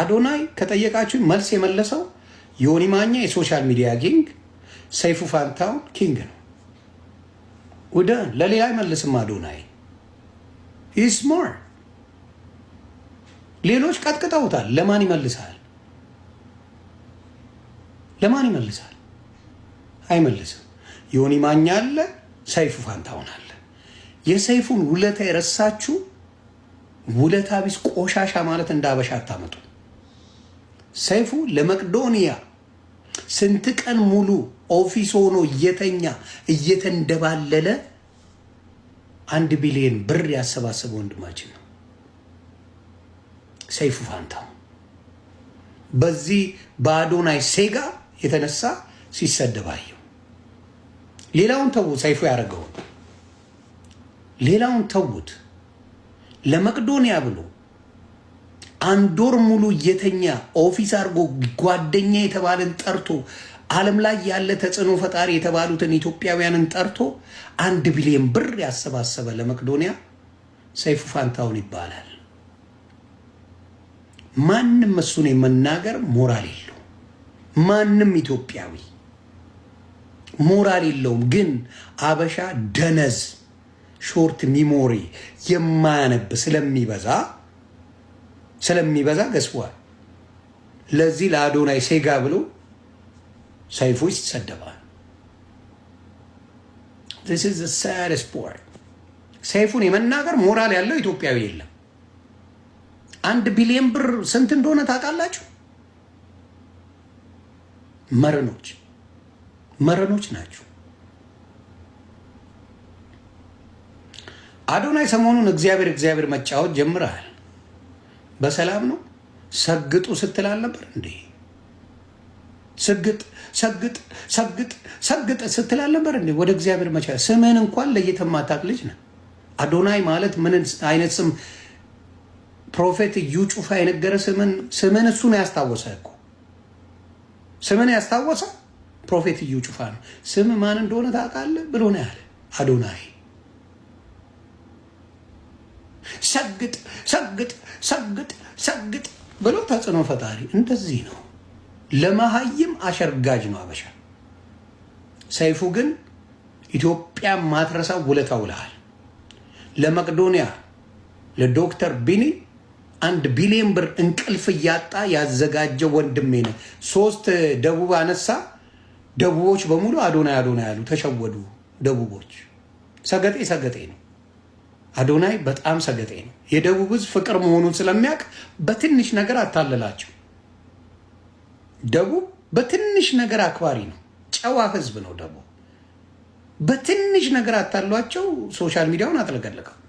አዶናይ ከጠየቃችሁ መልስ የመለሰው ዮኒ ማኛ የሶሻል ሚዲያ ኪንግ፣ ሰይፉ ፋንታውን ኪንግ ነው። ወደ ለሌላ አይመልስም። አዶናይ ስማር ሌሎች ቀጥቅጠውታል። ለማን ይመልሳል? ለማን ይመልሳል? አይመልስም። ዮኒ ማኛ አለ፣ ሰይፉ ፋንታውን አለ። የሰይፉን ውለታ የረሳችሁ ውለታ ቢስ ቆሻሻ ማለት እንዳበሻ አታመጡ። ሰይፉ ለመቅዶንያ ስንት ቀን ሙሉ ኦፊስ ሆኖ እየተኛ እየተንደባለለ አንድ ቢሊዮን ብር ያሰባሰበ ወንድማችን ነው ሰይፉ ፋንታው። በዚህ በአዶናይ ሴጋ የተነሳ ሲሰደባየው ሌላውን ተዉት፣ ሰይፉ ያደረገውን ሌላውን ተዉት። ለመቅዶንያ ብሎ አንድ ወር ሙሉ እየተኛ ኦፊስ አድርጎ ጓደኛ የተባለን ጠርቶ ዓለም ላይ ያለ ተጽዕኖ ፈጣሪ የተባሉትን ኢትዮጵያውያንን ጠርቶ አንድ ቢሊዮን ብር ያሰባሰበ ለመቅዶኒያ ሰይፉ ፋንታውን ይባላል። ማንም እሱን የመናገር ሞራል የለው። ማንም ኢትዮጵያዊ ሞራል የለውም። ግን አበሻ ደነዝ ሾርት ሚሞሪ የማያነብ ስለሚበዛ ስለሚበዛ ገስቧል። ለዚህ ለአዶናይ ሴጋ ብሎ ሰይፉ ይሰደባል። ሰይፉን የመናገር ሞራል ያለው ኢትዮጵያዊ የለም። አንድ ቢሊዮን ብር ስንት እንደሆነ ታውቃላችሁ? መረኖች መረኖች ናቸው። አዶናይ ሰሞኑን እግዚአብሔር እግዚአብሔር መጫወት ጀምረሃል። በሰላም ነው። ሰግጡ ስትል አልነበር እንዴ? ሰግጥ ሰግጥ ሰግጥ ሰግጥ ስትል አልነበር እንዴ? ወደ እግዚአብሔር መቻ ስምህን እንኳን ለየት የማታውቅ ልጅ ነህ። አዶናይ ማለት ምን አይነት ስም? ፕሮፌት እዩ ጩፋ የነገረ ስምን ስምን እሱ ነው ያስታወሰ እኮ ስምን ያስታወሰ ፕሮፌት እዩ ጩፋ ነው። ስም ማን እንደሆነ ታውቃለህ ብሎ ነው ያለ አዶናይ ሰግጥ ሰግጥ ብሎ ተጽዕኖ ፈጣሪ እንደዚህ ነው። ለመሀይም አሸርጋጅ ነው አበሻ። ሰይፉ ግን ኢትዮጵያ ማትረሳ ውለታ ውለሃል። ለመቅዶኒያ ለዶክተር ቢኒ አንድ ቢሊዮን ብር እንቅልፍ እያጣ ያዘጋጀው ወንድሜ ነው። ሶስት ደቡብ አነሳ። ደቡቦች በሙሉ አዶና አዶና ያሉ ተሸወዱ። ደቡቦች ሰገጤ ሰገጤ ነው። አዶናይ በጣም ሰገጤ ነው። የደቡብ ህዝብ ፍቅር መሆኑን ስለሚያውቅ በትንሽ ነገር አታለላቸው። ደቡብ በትንሽ ነገር አክባሪ ነው፣ ጨዋ ህዝብ ነው። ደቡብ በትንሽ ነገር አታሏቸው። ሶሻል ሚዲያውን አጥለቀለቀው።